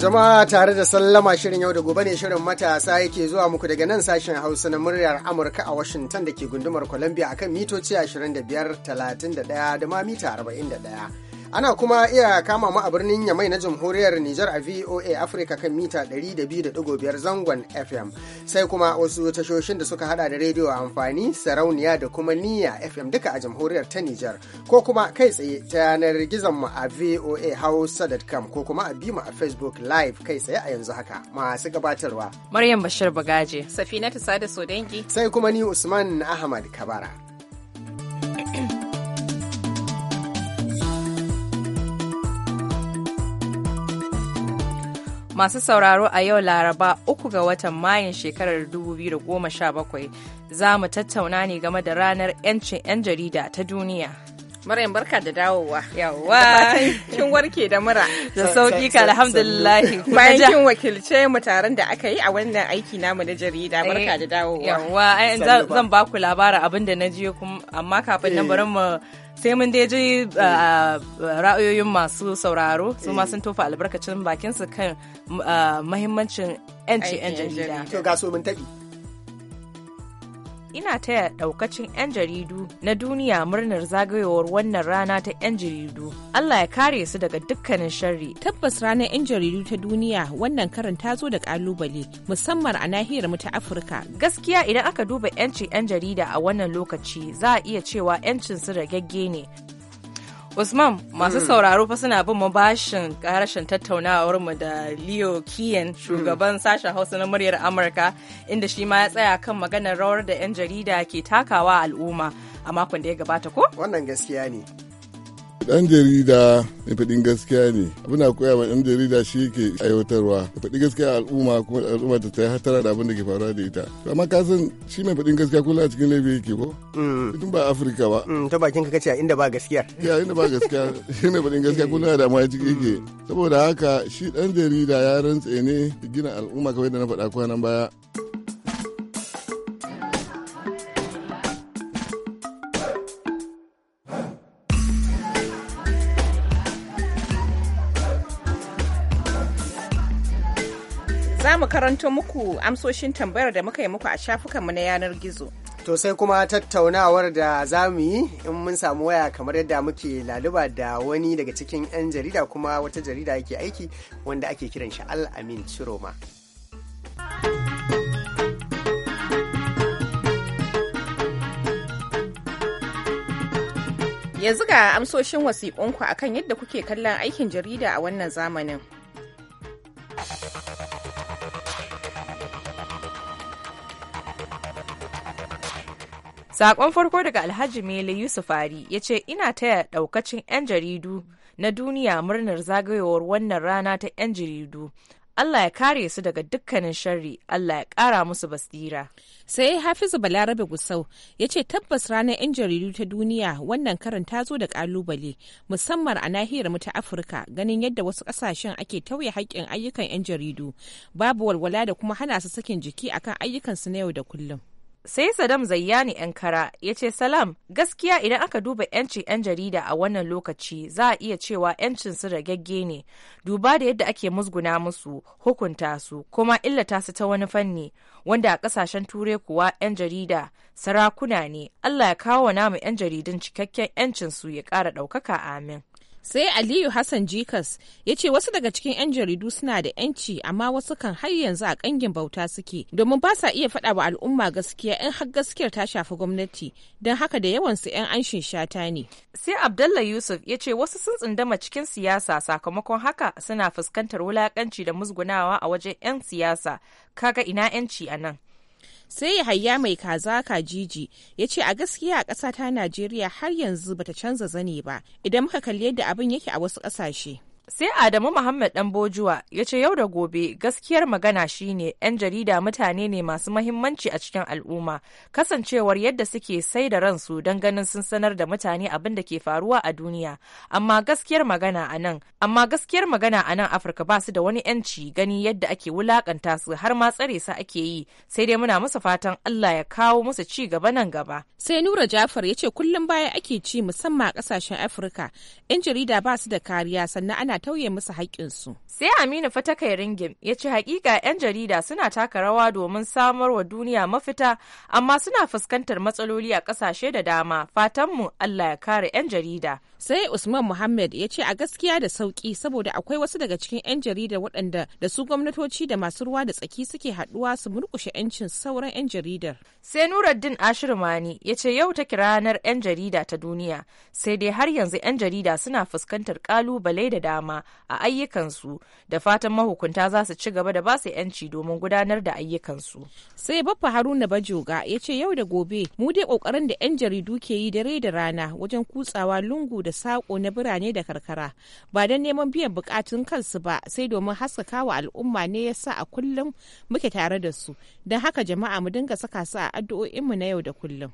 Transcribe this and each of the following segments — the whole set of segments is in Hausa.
Jama'a tare da sallama shirin yau da gobe ne shirin matasa yake zuwa muku daga nan sashen Hausa na muryar Amurka a Washington da ke gundumar Columbia akan mitoci 25, 31 da ma mita 41. Ana kuma iya kama mu a birnin Yamai na Jamhuriyar Nijar a VOA Africa kan mita 200.5 zangon FM. Sai kuma wasu tashoshin da suka hada da rediyo a amfani, sarauniya da kuma niya FM duka a Jamhuriyar ta Nijar. Ko kuma kai tsaye ta yanar gizon mu a VOA Hausa.com ko kuma a bi mu a Facebook Live kai tsaye a yanzu haka. Masu gabatarwa. Maryam Bashir Bagaje. Safinatu Sada Sodengi. Sai kuma ni Usman Ahmad Kabara. Masu sauraro a yau Laraba uku ga watan Mayun shekarar 2017 za mu tattauna ne game da ranar 'yancin 'yan jarida ta duniya. Maryam barka da dawowa. Yawwa. Kin warke da mura. Da sauki ka alhamdulillah. Bayan kin wakilce mu taron da aka yi a wannan aiki namu na jarida eh, barka da dawowa. Yawwa zan ba ku labarin abin da na ji amma kafin nan eh. bari mu sai mun dai ji eh. ah, ra'ayoyin masu sauraro su ma sun tofa albarkacin bakinsu kan ah, muhimmancin 'yanci 'yan jarida. To ga so mun ina taya daukacin 'yan jaridu na duniya murnar zagayowar wannan rana ta 'yan jaridu. Allah ya kare su daga dukkanin sharri. Tabbas ranar 'yan jaridu ta duniya wannan karin ta zo da kalubale musamman a nahiyar mu ta Afirka. Gaskiya idan aka duba 'yancin 'yan jarida a wannan lokaci za a iya cewa 'yancin su ragagge ne. Usman masu hmm. sauraro fa suna bin mabashin karashin tattaunawar mu da Leo Kien hmm. shugaban sashen Hausa na muryar Amurka inda shi ma ya tsaya kan maganar rawar da 'yan jarida ke takawa al'umma a makon da ya gabata ko? Wannan gaskiya ne. dan jarida ne faɗin gaskiya ne abin da koya ma dan jarida shi yake aiwatarwa faɗi gaskiya al'umma kuma al'umma ta ta hatara da abin da ke faruwa da ita to amma kasan shi mai faɗin gaskiya kullum a cikin laifi yake ko mm. tun ba afirka ba mm, ta bakin ka kace a inda ba gaskiya ya inda ba gaskiya shi mai faɗin gaskiya kullum a damuwa ciki yake mm. saboda haka shi dan jarida ya rantse ne gina al'umma kamar yadda na faɗa kwanan baya mu karanto muku amsoshin tambayar da muka yi muku a shafukanmu na yanar gizo. To sai kuma tattaunawar da za mu yi in mun samu waya kamar yadda muke laluba da wani daga cikin 'yan jarida kuma wata jarida yake aiki wanda ake kiran shi Al-Amin Ciroma. Yanzu ga amsoshin wasiƙunku akan yadda kuke kallon aikin jarida a wannan zamanin. Sakon farko daga Alhaji Mele Yusuf Ari ya ce ina taya daukacin 'yan jaridu na duniya murnar zagayowar wannan rana ta 'yan jaridu. Allah ya kare su daga dukkanin sharri, Allah ya kara musu basira. Sai Hafizu Balarabe Gusau ya ce tabbas ranar 'yan jaridu ta duniya wannan karanta zo da kalubale musamman a nahiyar mu ta Afirka ganin yadda wasu kasashen ake tauye haƙƙin ayyukan 'yan jaridu babu walwala da kuma hana su sakin jiki akan ayyukansu na yau da kullum. sai sadam zayyani yankara ya ce salam gaskiya idan aka duba yancin 'yan jarida a wannan lokaci za a iya cewa yancin su ragagge ne duba da yadda ake musguna musu hukunta su kuma illata su ta wani fanni wanda a kasashen turai kuwa 'yan jarida sarakuna ne allah ya kawo namu 'yan jaridun cikakken yancin su ya kara ɗaukaka amin sai aliyu hassan jikas ya ce wasu daga cikin 'yan jaridu suna da 'yanci amma wasu kan har yanzu a kangin bauta suke domin ba sa iya faɗa wa al'umma gaskiya in har gaskiyar ta shafi gwamnati don haka da yawansu 'yan anshin shata ne sai abdallah yusuf ya ce wasu sun tsundama cikin siyasa sakamakon haka suna fuskantar wulakanci da musgunawa a wajen 'yan siyasa kaga ina 'yanci a nan sai hayya mai kaza ka kajiji ya ce a gaskiya a ƙasa ta najeriya har yanzu bata canza zane ba idan muka kalli yadda abin yake a wasu ƙasashe sai Adamu Muhammad dan Bojuwa ya ce yau da gobe gaskiyar magana shine 'yan jarida mutane ne masu mahimmanci a cikin al'umma kasancewar yadda suke sai da ransu don ganin sun sanar da mutane abin da ke faruwa a duniya amma gaskiyar magana a nan amma gaskiyar magana a nan Afirka ba su da wani 'yanci gani yadda ake wulakanta su har ma tsare su ake yi sai dai muna musu fatan Allah ya kawo musu ci gaba nan gaba sai Nura Jafar ya ce kullum baya ake ci musamman a kasashen Afirka 'yan jarida ba su da kariya sannan ana tauye musu haƙƙinsu. Sai Aminu Fatakai Ringim ya ce hakika 'yan jarida suna taka rawa domin samar wa duniya mafita amma suna fuskantar matsaloli a ƙasashe da dama fatanmu Allah ya kare 'yan jarida. sai usman muhammad ya ce a gaskiya da sauki saboda akwai wasu daga cikin 'yan jarida waɗanda da su gwamnatoci da masu ruwa da tsaki suke haɗuwa su murkushe 'yancin sauran 'yan jaridar sai nuruddin ashirmani ya ce yau ta ranar 'yan jarida ta duniya sai dai har yanzu 'yan jarida suna fuskantar kalubale da dama a ayyukansu da fatan mahukunta za su ci gaba da ba su 'yanci domin gudanar da ayyukansu sai baffa haruna bajoga ya ce yau da gobe mu dai kokarin da 'yan jaridu ke yi dare da rana wajen kutsawa lungu da da saƙo na birane da karkara ba don neman biyan bukatun kansu ba sai domin haskaka wa al'umma ne ya sa a kullum muke tare da su don haka jama'a mu dinga saka su a addu'o'inmu na yau da kullum.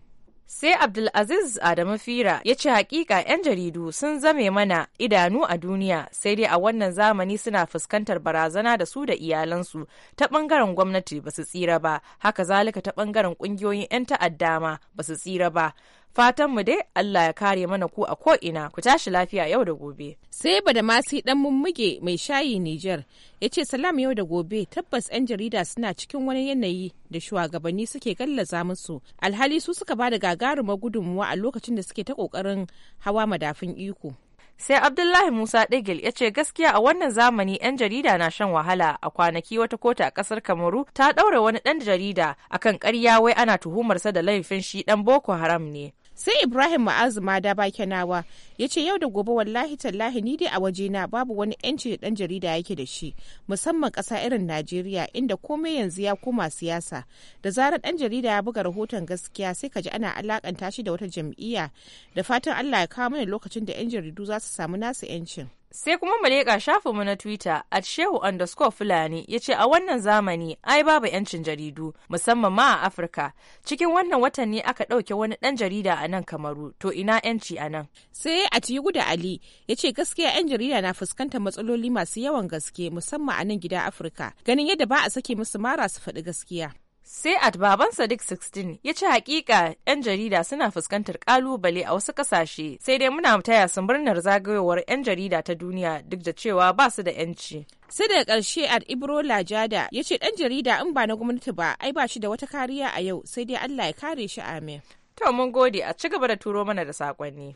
Sai Abdulaziz Adamu Fira ya ce hakika 'yan jaridu sun zame mana idanu a duniya sai dai a wannan zamani suna fuskantar barazana da su da iyalansu ta bangaren gwamnati ba su tsira ba, haka zalika ta bangaren kungiyoyin 'yan ta'adda ma ba su tsira ba. fatan mu dai Allah ya kare mana ku a ko ina ku tashi lafiya yau da gobe. Sai ba da masu dan mummuge mai shayi Nijar ya ce salam yau da gobe tabbas 'yan jarida suna cikin wani yanayi da shugabanni suke gallaza musu alhali su suka ba da gagarumar gudunmuwa a lokacin da suke ta kokarin hawa madafin iko. sai abdullahi musa degel ya ce gaskiya a wannan zamani 'yan jarida na shan wahala a kwanaki wata kota a ƙasar kamaru ta ɗaure wani ɗan jarida akan ƙarya wai ana tuhumarsa da laifin shi ɗan boko haram ne sai ibrahim ma'azu ma da bakinawa ya ce yau da gobe wallahi tallahi ni dai a waje na babu wani yanci da dan jarida yake da shi musamman ƙasa irin najeriya inda komai yanzu ya koma siyasa da zarar dan jarida ya buga rahoton gaskiya sai ka ji ana alakanta shi da wata jam'iyya da fatan allah ya kawo mana lokacin da yan jaridu za su samu nasu yancin Sai kuma mu leƙa shafinmu na Twitter at Shehu underscore Fulani ya ce a wannan zamani ai babu 'yancin jaridu musamman ma a Afirka. Cikin wannan watan ne aka ɗauke wani ɗan jarida a nan Kamaru to ina 'yanci a nan. Sai a guda Ali ya ce gaskiya 'yan jarida na fuskantar matsaloli masu yawan gaske musamman a nan gida Afirka ganin yadda ba a sake musu mara su faɗi gaskiya. Sai at baban Sadiq 16 ya ce hakika 'yan jarida suna fuskantar kalubale a wasu kasashe sai dai muna taya sun murnar zagayowar 'yan jarida ta duniya duk da cewa ba su da 'yanci. sai daga ƙarshe ad ibro lajada ya ce ɗan jarida in ba na gwamnati ba ai ba shi da wata kariya a yau sai dai allah ya kare shi amin to mun gode a ci gaba da turo mana da sakonni.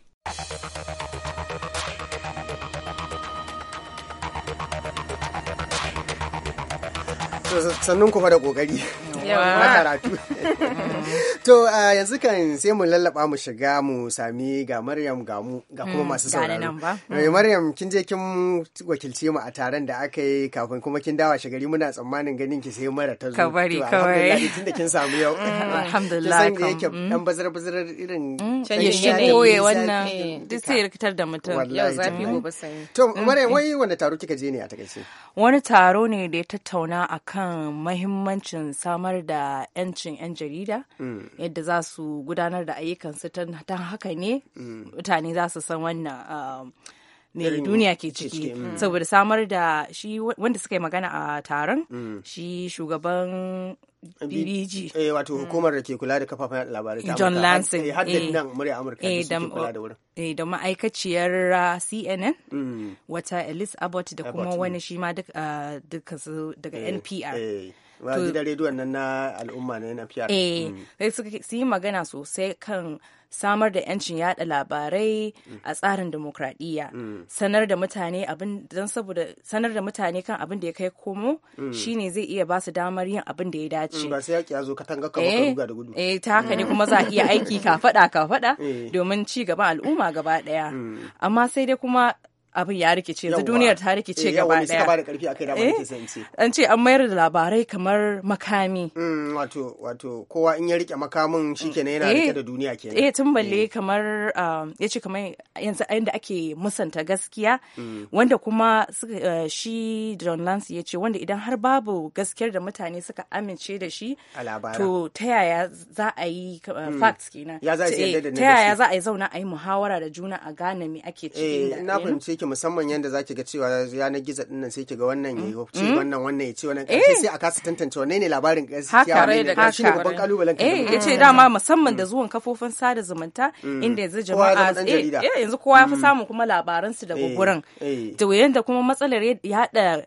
sannun kuma da ƙoƙari to yanzu kan sai mu lallaba mu shiga mu sami ga Maryam ga mu ga kuma mm, masu sauraro eh, Maryam kin je kin wakilce mu a taron da aka yi kafin kuma kin dawa shigari muna tsammanin ganin ki sai mara ta zo ka bari kawai da kin samu yau mm, alhamdulillah san yake dan mm. bazar bazar irin canjin yanayi wannan duk sai rikitar da mutum yau zafi gobe sanyi to Maryam wai wanda taro kika je ne a takaice wani taro ne da ya tattauna akan mahimmancin samar da 'yancin 'yan jarida mm. yadda za su gudanar da ayyukansu ta haka ne mm. mutane za su san wannan mai um, duniya ke ciki mm. saboda samar da shi wanda suka yi magana a taron shi shugaban BBG. Eh wato hukumar da ke kula da kafafen labarai ta John Lansing. Eh haddin eh, nan murya Amurka eh, ne suke kula da wurin. Eh da ma'aikaciyar uh, CNN wata Elise Abbott da kuma wani shi ma uh, dukkan daga eh, NPR. gidan rediyon nan na al'umma ne na PR eh mm. sai yi magana sosai kan samar da 'yancin yada labarai mm. a tsarin demokradiyya mm. sanar da mutane abin don saboda sanar da mutane kan abin da ya kai komo shine zai iya ba su damar yin abin da ya dace ba sai yaki ya zo katanga ka baka eh, ruga da gudu eh ta haka ne kuma za a iya aiki ka fada ka fada domin ci gaban al'umma gaba daya amma sai dai kuma abin ya rikice yanzu duniyar ta rikice eh, gaba daya ba da karfi akai da ba eh, ce an ce an mayar da labarai kamar makami mm, wato wato kowa in ya rike makamin shikenan yana eh, rike da duniya kenan eh tun balle kamar um, yace kamar yanzu inda ake musanta gaskiya mm. wanda kuma uh, shi John Lance ce wanda idan har babu gaskiyar da mutane suka amince da shi to ta yaya za a yi uh, mm. facts kenan ta yaya za a yi zauna a yi muhawara da juna a gane me ake ciki na fahimce ciki musamman yanda ki ga cewa yanar gizo din nan sai ki ga wannan hmm? ci hmm? wannan wannan ya ci wannan eh. ƙarfi sai a kasa tantance wa ne labarin gaskiya ne da eh, hmm. zuwan kafofin sada zumunta inda yanzu jama'a eh, ya fi samun kuma labaran su daga gurin da yanda kuma matsalar yada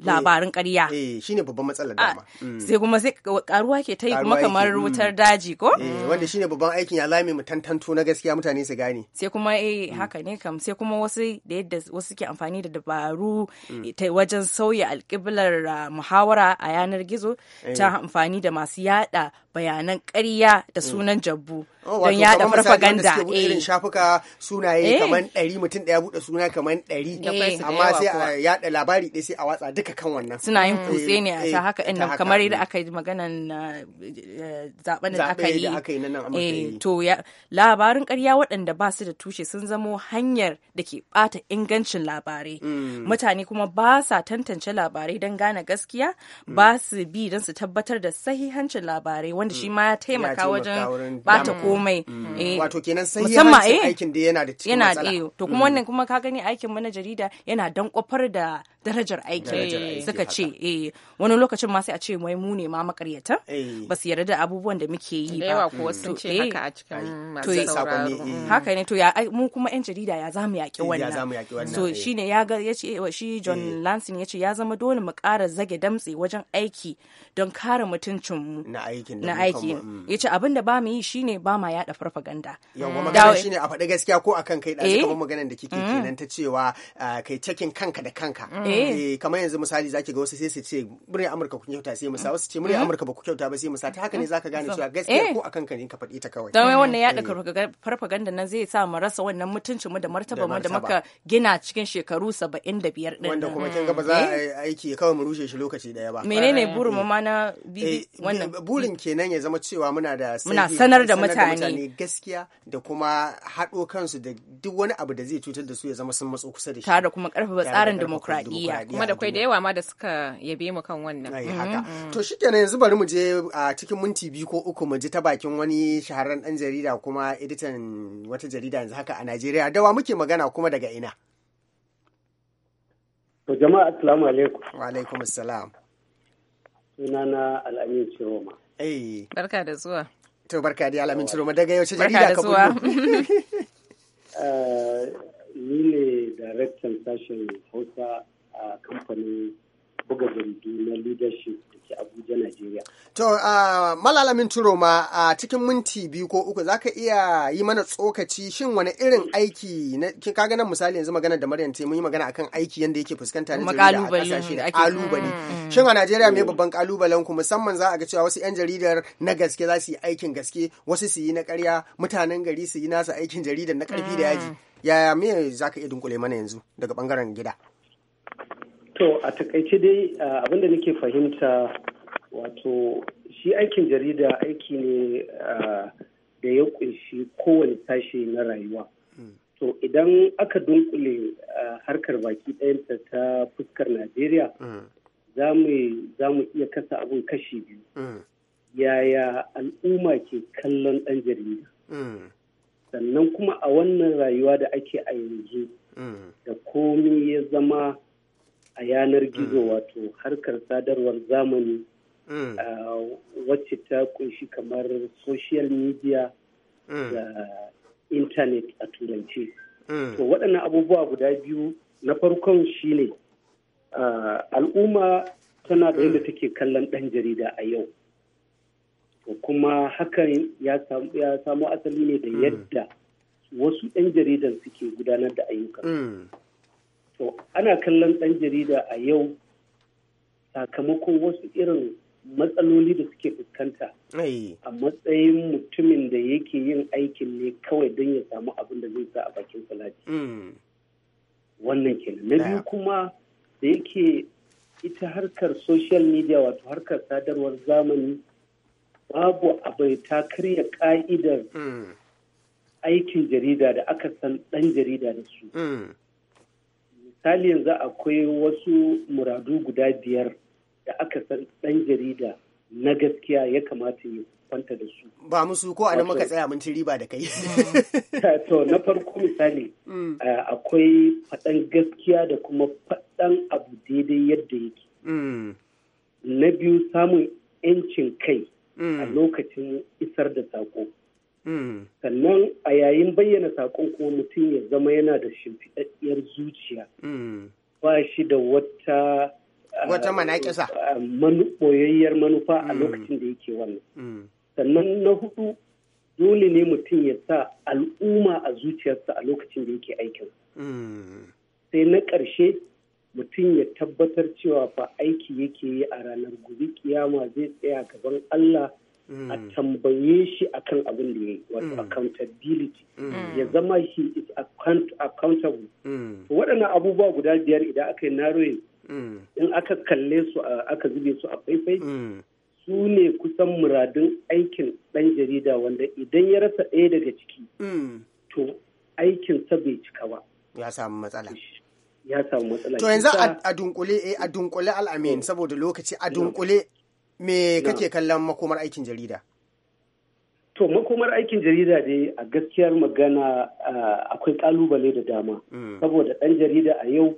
Eh, labarin ƙarya. Eh, shine babban matsalar ah, dama. Mm. Sai kuma sai karuwa ke ta yi kuma kamar mm. wutar daji ko? Eh, wanda shine babban aikin ya lami mu tantanto na gaskiya mutane su gane. Sai kuma eh mm. haka ne kam sai kuma wasu da yadda wasu ke amfani da dabaru ta wajen sauya alƙiblar ah, muhawara a yanar gizo eh. ta amfani da masu yada bayanan ƙarya da sunan jabbu. Oh, don yada farfaganda eh irin shafuka sunaye kamar ɗari mutum ɗaya buɗe suna kamar ɗari amma sai a Yada labari ɗaya sai a watsa duk aika kan wannan suna yin eh, kutse ne a ta eh, haka ɗin kamar yadda aka yi maganan eh, zaɓen da aka yi to labarin ƙarya waɗanda ba su da tushe sun zamo hanyar da ke ɓata ingancin labarai mm. mutane kuma ba sa tantance labarai don gane gaskiya mm. ba su bi don su tabbatar da sahihancin labarai wanda shi mm. ma ya taimaka wajen ɓata komai wato kenan sahihancin aikin da yana da cikin matsala to kuma wannan kuma ka gani aikin mana jarida yana dan kwafar da darajar aikin suka ce eh wani lokacin ma sai a ce wai mu ne ma makaryata eh. ba su yarda da abubuwan da muke yi ba ko sun ce eh. haka a cikin masu sauraro mm. Mm. haka ne to ya mu kuma yan jarida ya zamu yaki eh, wannan so shine ya ga yace shi John Lansing yace ya zama dole mu ƙara zage damtse wajen aiki don kare mutuncin mu na aikin na aiki mm. yace abin da ba mu yi shine ba ma yada farfaganda yawa magana shine a faɗi gaskiya ko akan kai da kuma maganar da kike kenan ta cewa ah, kai cakin kanka da kanka kamar yanzu misali zaki ga wasu sai su ce murya Amurka ku kyauta sai musa, wasu ce murya mm-hmm. Amurka ba ku kyauta ba sai mu ta haka ne zaka gane cewa eh. gaskiya ko akan ka ne ka faɗi ta kawai dan wannan ya daka eh. farfaganda nan zai sa mu rasa wannan mutuncin mu da martaba mu da muka gina cikin shekaru 75 din wanda kuma kin ga ba za a eh? aiki kawai mu rushe shi lokaci daya ba menene burin mu ma na wannan burin kenan ya zama cewa muna da muna sanar da mutane gaskiya da kuma haɗo kansu da duk wani abu da zai cutar da su ya zama sun matso kusa da shi tare da kuma karfafa tsarin demokradiyya kuma da kai da yawa yawa ma da suka yabe mu kan wannan ai haka mm-hmm. to shikenan yanzu bari mu je a cikin minti biyu ko uku mu ji ta bakin wani shahararren dan jarida kuma editan wata jarida yanzu haka a Najeriya dawa muke magana kuma daga ina To jama'a assalamu alaikum. Wa alaikum assalam. Sunana Al'amin Ciroma. Eh. Barka da zuwa. To barka da Al'amin Ciroma daga yau jarida ka zuwa. Eh, ni ne daraktan sashen Hausa a kamfanin buga jaridu na leadership da ke abuja nigeria to uh, malalamin turo ma a cikin minti biyu ko uku zaka iya yi mana tsokaci shin wani irin aiki na ka ganin nan misali yanzu magana da maryam mun yi magana akan aiki yanda yake fuskanta na jarida a kalubale mm, mm. shin a nigeria mai babban kalubalen ku musamman za a ga cewa wasu yan jaridar na gaske za su yi aikin gaske wasu su yi na karya mutanen gari su yi nasa aikin jaridar na karfi da mm. yaji yaya me za iya dunkule mana yanzu daga bangaren gida To a takaice dai abin da nake fahimta wato shi aikin jarida aiki ne da ya kunshi kowane tashi na rayuwa. Hmm. To idan aka dunkule harkar baki ɗayanta ta fuskar Najeriya hmm. za mu iya kasa abin kashi biyu. Hmm. Yaya al'umma ke kallon ɗan jarida. Sannan kuma a wannan rayuwa da ake a yanzu da komi ya zama a yanar gizo mm. wato harkar sadarwar zamani mm. wacce ta kunshi kamar social media mm. da intanet a turanci to waɗannan abubuwa guda biyu na farkon shi ne al'umma tana da yadda take kallon ɗan jarida a yau kuma hakan ya samo asali ne da yadda wasu ɗan jaridan suke gudanar da ayyuka to ana kallon ɗan jarida a yau sakamakon wasu irin matsaloli da suke fuskanta a matsayin mutumin da yake yin aikin ne kawai don ya samu abin da zai sa a bakin salati mm. wannan kenan na biyu kuma da yake ita harkar social media wato harkar sadarwar zamani babu abai ta karya ka'idar mm. aikin jarida da aka san ɗan jarida da su mm. misali yanzu akwai wasu muradu guda biyar da aka san ɗan jarida na gaskiya ya kamata ya kwanta da su. Ba musu ko anan muka tsaya mun ci riba da kai. To na farko misali mm. akwai faɗan gaskiya da kuma faɗan abu daidai yadda yake. Mm. Na biyu samun 'yancin kai a mm. lokacin isar da saƙo. Mm. sannan a yayin bayyana saƙon kuma mutum ya zama yana da shimfiɗaɗɗiyar zuciya mm. ba shi da wata ah, wata manaƙisa ah, ɓoyayyar manufa a mm. lokacin da yake wannan sannan na hudu dole ne mutum ya sa al'umma a zuciyarsa a lokacin da yake aikin sai na ƙarshe mutum ya tabbatar cewa fa aiki yake yi a ranar gobe kiyama zai tsaya gaban Allah Mm. a tambaye shi akan abin da ya yi wato mm. accountability mm. ya zama shi is accountable waɗannan abubuwa guda biyar idan aka yi narrowing in aka kalle su aka zube su a faifai su ne kusan muradun aikin ɗan jarida wanda idan ya rasa ɗaya daga ciki to aikin sa bai cika ba ya samu matsala ya samu matsala to yanzu a dunkule eh, a dunkule al'amin saboda lokaci a dunkule me kake kallon makomar aikin jarida to makomar aikin jarida dai a gaskiyar magana akwai kalubale da dama mm. saboda ɗan jarida a yau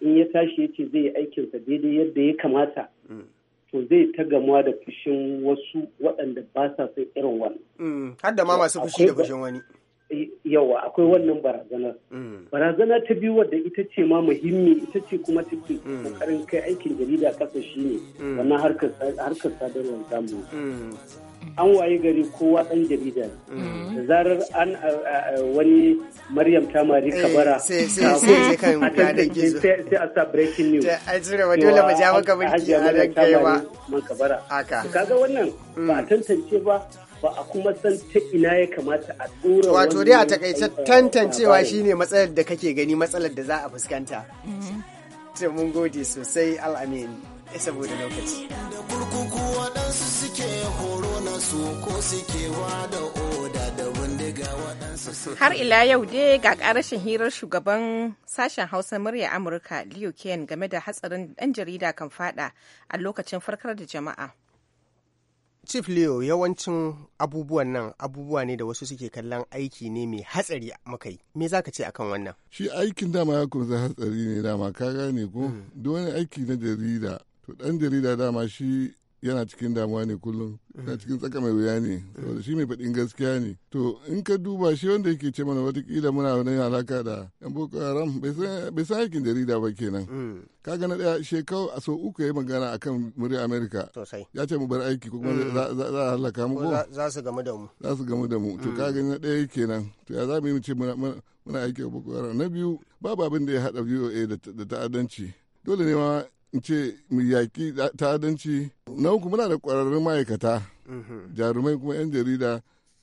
in ya tashi ya ce zai yi aikinsa daidai yadda ya kamata mm. to zai ta gamuwa da fushin wasu waɗanda ba sa son irin wani mm. har ma masu fushi da fushin wani yawa akwai wannan barazanar mm. barazana ta biyu wadda ita ce ma muhimmi ita ce kuma take mm. kokarin kai aikin jarida kasa ne. Mm. wannan harkar sadarwar zamu an waye gari kowa ɗan jarida da zarar an wani maryam ta mari eh, kabara sai a sa breaking news a jira wa dole mu ja maka binki kaiwa kaga wannan ba a tantance ba ba a kuma san ta ina ya kamata a tsura wato dai a takaice tantancewa shine matsalar da kake gani matsalar da za a fuskanta mhm. ta mun gode sosai al'amin eh, saboda lokaci da kurkuku waɗansu suke horo na su ko suke oda da bindiga waɗansu har ila yau dai ga ƙarashin hirar shugaban sashen hausa murya amurka liu game da hatsarin ɗan jarida kan fada a lokacin farkar da jama'a Chief Leo yawancin abubuwan nan abubuwa ne da wasu suke kallon aiki ne mai hatsari muka yi. Me za ka ce akan wannan? Shi aikin dama ya kunsa hatsari ne dama ka gane ko? Hmm. Duk wani aiki na jarida to dan jarida dama shi yana cikin damuwa ne kullum yana eh. cikin tsaka mai wuya ne saboda shi mai faɗin gaskiya ne to in ka duba shi wanda yake ce mana watakila muna wani alaka da yan boko haram bai san aikin jarida ba kenan mm. Ka gana ɗaya shekau a sau uku ya yi magana akan murya amerika ya ce mu bar aiki ko kuma mm. za a halaka mu ko za su gamu da mu za su gamu da mu to mm. na ɗaya kenan to ya za mu yi mu ce muna aiki a boko haram na biyu babu abin da ya haɗa voa da ta'addanci dole ne ma in ce mu yaƙi ta'adanci na uku muna da ƙwararrun ma'aikata mhm. jarumai kuma 'yan jarida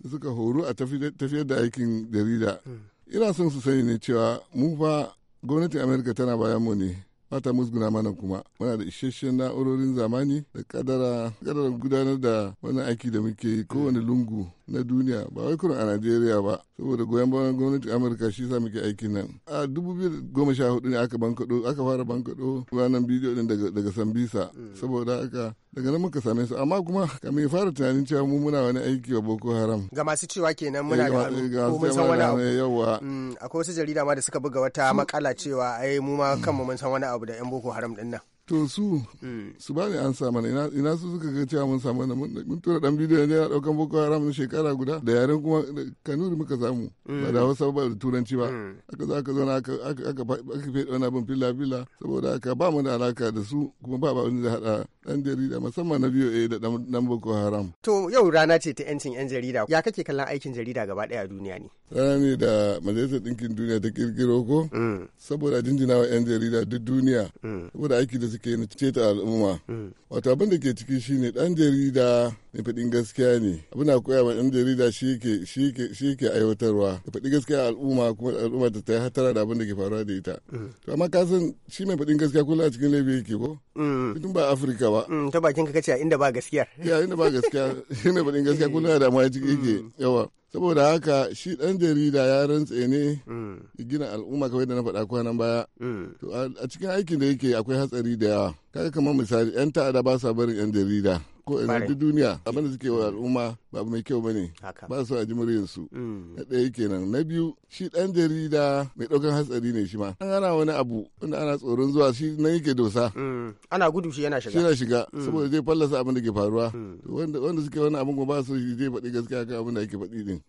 suka horu a tafiyar da aikin jarida mm. ina son su sani ne cewa mu fa gwamnatin amerika tana bayan mu ne fata ta musguna mana kuma muna da isasshen na'urorin zamani da kadara kadara gudanar da wannan aiki da muke yi kowane lungu na duniya ba wai kurin a Najeriya ba saboda goyon bayan gwamnatin Amurka shi sa muke aiki nan a dubu biyu 2014 ne aka bankado aka fara bankado ranar bidiyo din daga Sambisa mm. saboda haka daga nan muka same su amma kuma kamin fara tunanin cewa mu muna wani aiki wa boko haram ga masu cewa kenan muna eh, da ko mun san wani abu yawa mm, akwai wasu jarida ma da suka buga wata makala cewa ai mu ma kanmu mun san wani abu da yan boko haram din to su eh. su ba ne an sa mana ina su suka ga cewa mun samu na mun tura dan bidiyo ne a daukan boko haram na shekara guda da yaren kuma kanuri muka samu eh. ba da hausa ba da turanci ba eh. aka zo aka zo na aka aka wani abin fila fila saboda aka ba mu da alaka da su kuma ba ba wani da hada dan jarida musamman na biyo da dan boko haram to yau rana ce ta yancin yan jarida ya kake kallon aikin jarida gaba daya a duniya ne ne da majalisar ɗinkin duniya ta kirkiro ko mm. saboda jinjina wa 'yan jarida duk duniya mm. saboda aiki da suke na ceta al'umma mm. wato abin da ke ciki shine ɗan jarida ne faɗin gaskiya ne abin da koya ma ɗan jarida shi ke aiwatarwa da faɗin gaskiya al'umma kuma al'umma ta ta hatara da abin da ke faruwa da ita to amma ka san shi mai faɗin gaskiya kullum a cikin laifi yake ko tun ba afirka ba ta bakin ka kace inda ba gaskiya ya inda ba gaskiya shi mai faɗin gaskiya kullum a damuwa ciki yake yawa saboda haka shi dan jarida ya rantse ne mm. gina al'umma kawai da na faɗa kwanan baya mm. to a cikin aikin da yake akwai hatsari da yawa kai kamar misali yan ta'ada ba sa barin yan jarida ko ina duk duniya abinda suke wa al'umma ba mai kyau ba ne ba su a jimirin mm. na ɗaya kenan na biyu shi ɗan jarida mai ɗaukan hatsari ne shi ma an ana wani abu wanda ana tsoron zuwa shi nan yake dosa mm. ana gudu shi yana shiga shi yana shiga mm. saboda zai fallasa abin da ke faruwa wanda suke wani abin ko ba su shi zai faɗi gaskiya kan abin da ake faɗi din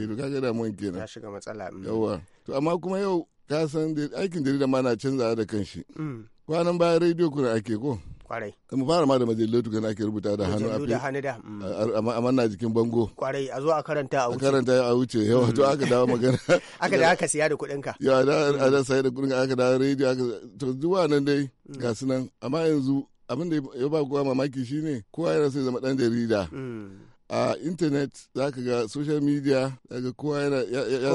eh to kaga damuwan kenan ya shiga matsala yawa to amma kuma yau ka san aikin jarida ma na canzawa da kanshi kwanan bayan rediyo kuna ake ko kwarai mu fara ma da majalu tukun ake rubuta da hannu a da hannu da mm. jikin bango kwarai a zo a karanta a wuce a karanta a wuce yawa to mm. aka dawo magana aka da aka siya da kuɗin ka ya da a da sai da kuɗin ka aka dawo rediyo aka to zuwa nan dai mm. ga su nan amma yanzu abin da ya ba kowa mamaki shine kowa yana sai zama dan jarida a intanet za ka ga social media za ka kowa yana ya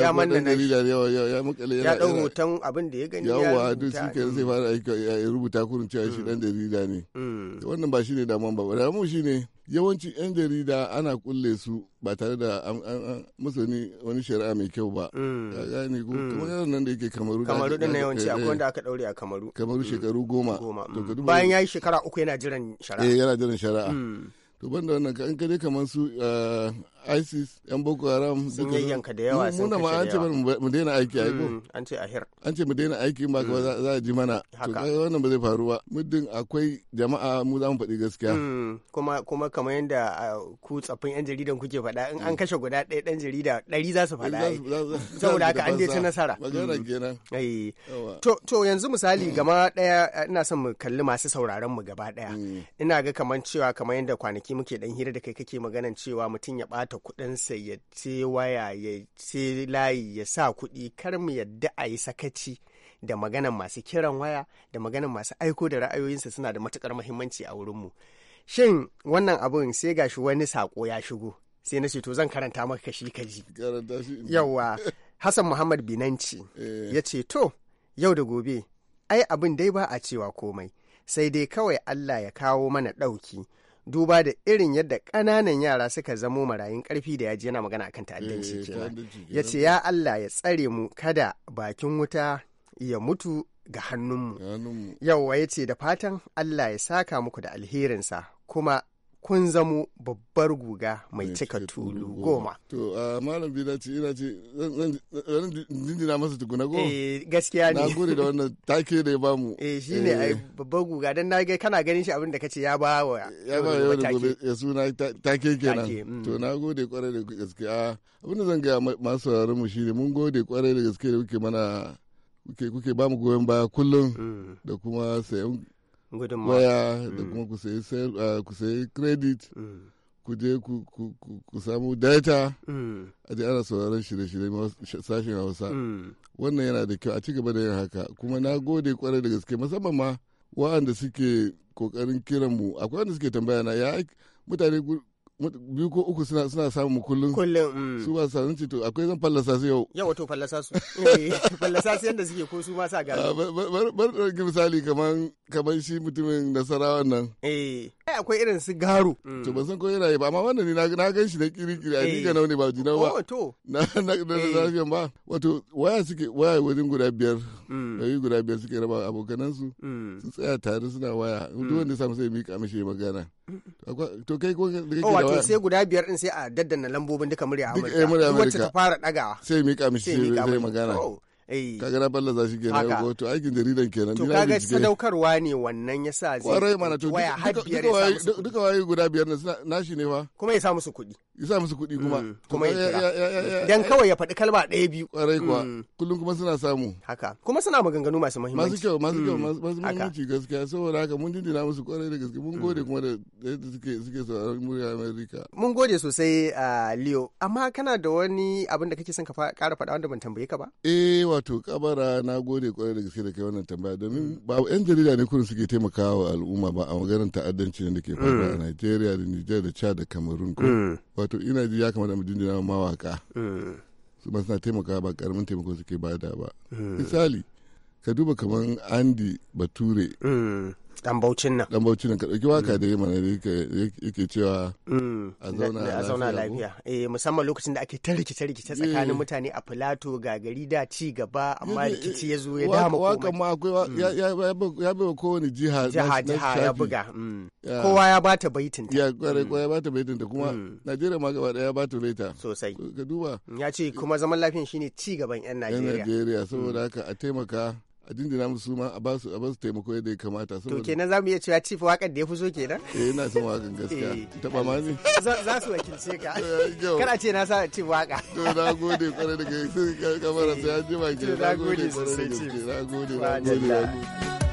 ya manna na jarida ne ya makale ya dan hoton abin da ya gani ya yawa duk shi ke zai fara aiki ya rubuta kurin cewa shi dan mm. jarida ne mm. wannan ba shine damuwan ba damuwan shine yawancin yan jarida ana kulle su ba tare da musu wani shari'a mai kyau ba mm. ya gani ko kuma yaron nan da yake kamaru kamaru din na yawanci eh, akwai wanda eh. aka daure a kamaru kamaru shekaru goma bayan ya yi shekara uku yana jiran shari'a eh yana jiran shari'a to banda wannan ka an ka kamar su eh, isis yan boko haram sun yanka da yawa sun kashe da yawa muna ma an ce mu daina aiki aiko hmm, an ce ahir an ce mu daina aiki ba ka za a ji mana to kaga wannan ba zai faru ba muddin akwai jama'a mu za mu faɗi gaskiya hmm, kuma kuma kamar yanda ku tsaffin yan jaridan kuke faɗa in an hmm. kashe guda ɗaya ɗan jarida ɗari za su faɗa saboda haka an dai ci nasara to to yanzu misali gama ɗaya ina son mu kalli masu sauraron mu gaba ɗaya ina ga kamar cewa kamar yanda kwanaki muke dan hira da kai kake maganan cewa mutum ya ɓata kudin kuɗinsa ya ce waya ya ce layi ya sa kuɗi kar mu yadda a yi sakaci da maganan masu kiran waya da maganan masu aiko da ra'ayoyinsa suna da matukar muhimmanci a wurin mu shin wannan abun sai gashi wani sako ya shigo sai na ce to zan karanta maka kashi ka ji yawa hassan muhammad binanci eh. ya ce to yau da gobe ai abin dai ba a cewa komai sai dai kawai allah ya kawo mana ɗauki duba da irin yadda ƙananan yara suka zamo marayun ƙarfi da yaji yana magana akan ta'addanci eh, ya ce ya Allah ya tsare mu kada bakin wuta ya mutu ga hannunmu yauwa ya ce da fatan Allah ya saka muku da alherinsa kuma kun zamo babbar guga mai cika tulu goma. To, a malam bi ce ina ce zan jinjina masa tukuna goma. Eh, gaskiya ne. Na gode da wannan take da ya bamu. Eh, shi ne ai eh. babbar guga don na kana ganin shi abin da kace ya ba wa. Ya ba yau da gobe ya suna take kenan. Mm. To, na gode kwarai da gaskiya. Abin da zan gaya masu sauraron mu shi ne mun gode kwarai da gaske da kuke mana kuke bamu goyon baya kullum mm. da kuma sayan waya da mm. kuma ku sayi ah, credit mm. ku je ku samu data mm. a je ana sauraron shirye-shirye sashen hausa wannan yana da kyau a ci gaba da yin haka kuma na gode kwarai da gaske musamman ma wa'anda suke kokarin kiran mu akwai wanda suke tambaya na ya mutane biyu ko uku suna suna samu kullum su ba sa to akwai zan fallasa su yau yau to fallasa su fallasa su yanda suke ko su ma sa gari bar bar misali kaman kaman shi mutumin nasarawan nan eh ai akwai irin su garo mm. to ban san ko yana yi ba amma wannan ne na gan shi da kirikiri a ni ganau eh. nauni ba jina ba oh, na na da zafiyan ba wato waya suke waya wajen guda biyar yayi mm. guda biyar suke raba abokanan mm. su su tsaya tare suna waya duk wanda samu sai mika mishi magana to kai ko da kake oh, waya. wato sai guda biyar din sai a daddana lambobin duka murya eh, Amurka wacce ta fara dagawa sai mika mishi sai magana oh. Eh. kaga na balla shi kenan ya to aikin jaridan kenan to kaga sadaukarwa ne wannan yasa zai kwarai mana to duka waye guda biyar na nashi ne fa kuma ya sa musu kuɗi ya musu kuɗi kuma eh, kuma ya kira dan kawai ya faɗi kalma ɗaya biyu ƙwarai kuwa hmm. kullum kuma suna samu haka kuma suna maganganu masu muhimmanci masu kyau masu kyau hmm. masu muhimmanci gaskiya saboda haka mun dindina musu ƙwarai da gaske mun hmm. gode kuma da yadda suke suke sauraron murya Amerika mun gode sosai a Leo amma kana da wani abin da kake son ka ƙara faɗa wanda ban tambaye ka ba eh wato kabara na gode ƙwarai da gaske da kai wannan tambaya domin ba yan jarida ne kurin suke taimakawa al'umma ba a maganar ta'addanci ne da ke faruwa a Nigeria da Niger da Chad da Cameroon ko wato ina ji ya kamata mu jinjina mawaka mm. su ba suna taimaka ba karamin taimako suke bada ba mm. misali ka duba kamar andy bature mm. dan baucin nan dan nan ka dauki waka da yamma ne yake cewa mm, a zauna a zauna lafiya eh musamman lokacin da ake ta rikice rikice tsakanin eh. mutane a filato ga gari da ci gaba amma eh, rikici ya zo ya dama komai wakan ma akwai ya bai kowane jiha jiha jiha ya buga mm. kowa ya bata baitin ta ya kware mm. kowa ya bata baitin ta kuma Najeriya ma gaba daya bata baita. sosai ka duba ya ce kuma zaman lafiyan shine ci gaban yan Najeriya yan Najeriya saboda haka a taimaka a jinjina musu ma a basu a basu taimako yadda ya kamata to kenan za mu iya cewa chief wakan da ya fi so kenan eh ina son wakan gaskiya eh. taba ma ne za su wakilce ka eh, kana ce na sa chief waka to na gode kwarai da gaske kamar sai an ji ma ke na gode kwarai da gaske na gode na gode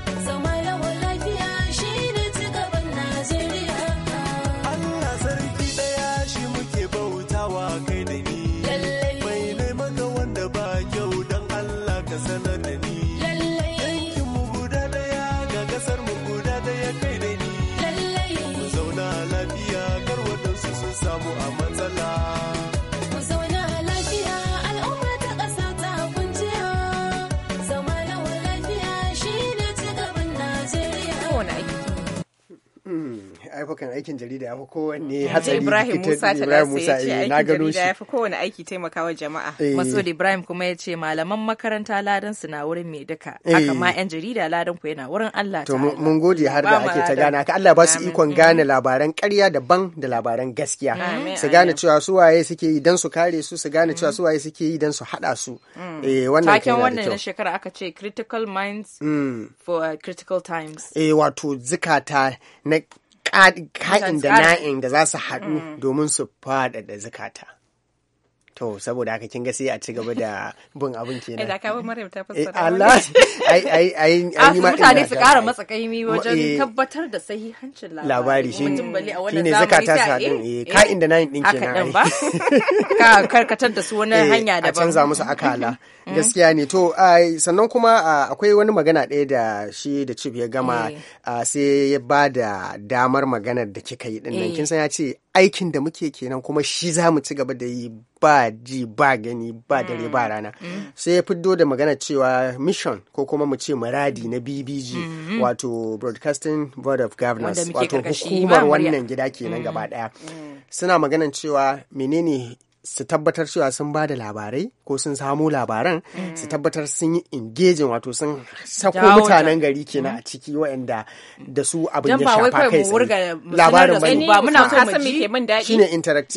kan aikin jarida ya fi kowanne hatsari Ibrahim Musa da sai ya ce eh, aikin jarida ya fi kowanne aiki taimakawa jama'a eh. Masud Ibrahim kuma ya ce malaman makaranta ladan su na wurin mai duka eh. haka ma yan jarida ladan ku yana wurin Allah ta to mun gode har da ake ta gana ka Allah ba su ikon mm-hmm. gane labaran ƙarya daban da labaran gaskiya su gane cewa su waye suke yi dan su kare su su gane cewa mm-hmm. su waye suke yi dan su hada su mm. eh wannan taken wannan na shekara aka ce critical minds mm. for uh, critical times eh wato zukata na haɗin da na'in da za su haɗu mm. domin su faɗaɗa zukata. to saboda haka kin ga sai a ci gaba da bin abin kenan eh, da kawo maryam ta fassara eh, Allah ai ai ai ai ma mutane su kara matsa kaimi wajen eh, tabbatar da sahihancin labari labari shi ne zakata sa din eh ka inda nine din kenan ba ka karkatar da su wani hanya daban a canza musu akala mm-hmm. gaskiya ne to sannan kuma akwai wani magana ɗaya da shi da cif ya gama sai ya ba da damar maganar da kika yi din nan kin san ya ce aikin da muke kenan kuma shi za mu ci gaba da yi ba ji ba gani ba dare ba mm. rana mm. sai ya fiddo da magana cewa mission ko kuma mu ce muradi na bbg mm-hmm. wato broadcasting board of governors wato hukumar wannan gida kenan gaba mm. daya suna maganan cewa menene su tabbatar cewa sun ba da labarai ko sun samo labaran mm. su tabbatar sun yi engaging wato sun sako mutanen gari kenan mm. a ciki wa'anda da su abin ya shafa kai tsaye labarin bane ba muna so mu ji min daɗi shine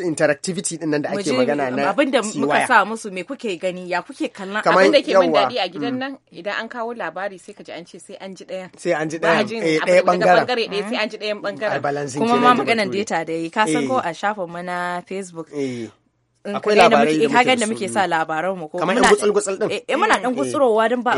interactivity din nan da ake magana na abin da muka sa musu me kuke gani ya kuke kallon abin da ke min dadi a gidan mm. nan idan an kawo labari sai ka ji an ce sai an ji ɗaya sai an ji eh, ɗaya ɗaya bangare ɗaya sai an ji ɗayan bangaren kuma ma maganan data da yi ka san eh. ko a shafin mu na Facebook eh. akwai labarai eh, da muke da muke sa labaran mu ko kamar gutsul gutsul din eh, eh muna eh, dan gutsurowa din ba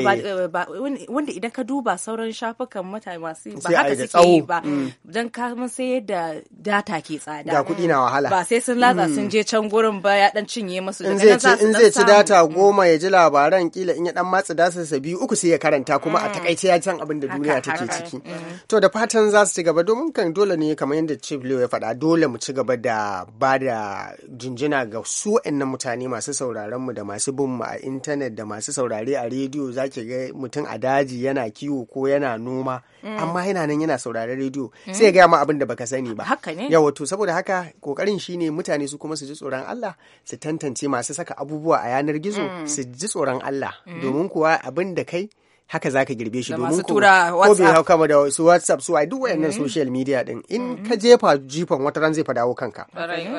wanda idan ka duba sauran shafukan mutane masu ba haka suke ba mm. dan ka mun sai yadda data ke tsada ga kuɗi na wahala ba sai sun latsa mm. sun je can gurin ba ya dan cinye musu in zai ci in zai ci data mm. goma ya ji labaran kila in ya dan matsa dasa sa biyu uku sai ya karanta kuma a takaice ya san abin da duniya take ciki to da fatan za su ci gaba domin kan dole ne kamar yadda Chief Leo ya faɗa dole mu ci gaba da ba da jinjina ga su wa'annan mutane masu sauraron mu da masu bin mu a intanet da masu saurare a rediyo zaki ga mutum a daji yana kiwo ko yana noma mm. amma yana nan yana sauraron rediyo mm. sai ya gaya ma abin da baka sani ba haka ne yawa to saboda haka kokarin shine mutane su kuma su ji tsoron Allah su tantance masu saka abubuwa a yanar gizo mm. su ji tsoron Allah domin kuwa abin da kai haka za ka girbe shi domin ko bai hau kama da su whatsapp su a duk wayannan mm-hmm. social media din in mm-hmm. ka jefa jifan wata ran zai fada kanka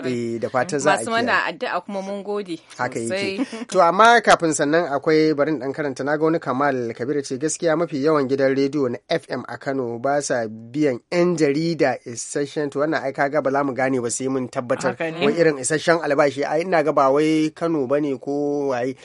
eh, da fatan za a kiyaye masu addu'a kuma mun gode haka yake to amma kafin sannan akwai barin dan karanta naga wani Kamal Kabir ce gaskiya mafi yawan gidan rediyo na FM a Kano ba sa biyan yan jarida isasshen to wannan ai kaga ba za mu gane ba sai mun tabbatar wai irin isasshen albashi ai ina ga ba wai Kano bane ko waye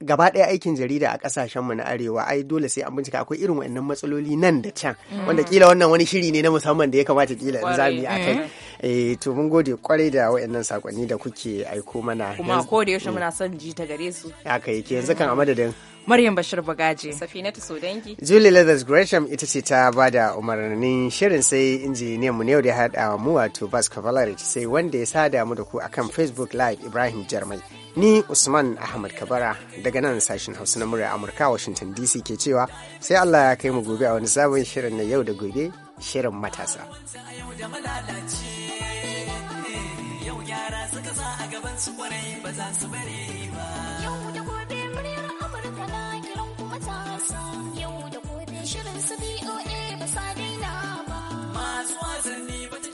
gaba ɗaya aikin jarida a mu na arewa ai dole sai an bincika akwai irin waɗannan matsaloli nan da can mm. wanda kila wannan wani shiri ne na musamman da ya kamata kila in zamu yi akai mm. eh to mun gode kwarai da waɗannan sakonni da kuke aiko mana kuma ko da yaushe muna son ji ta gare su haka yake yanzu kan a madadin Maryam Bashir Bagaji. Safinatu Sodangi. Julie Leathers Gresham ita ce ta ba da umarnin shirin sai injiniyan mu ne da haɗa mu wato Bas Cavalaric sai wanda ya sada mu da ku akan Facebook Live Ibrahim Jarmai. Ni Usman Ahmad Kabara daga nan sashen Hausa na murya Amurka Washington DC ke cewa sai Allah ya kai mu gobe a wani sabon shirin na yau da gobe shirin matasa. Yau gyara suka za a gaban su kwarai ba za su bare ba. Wasn't even.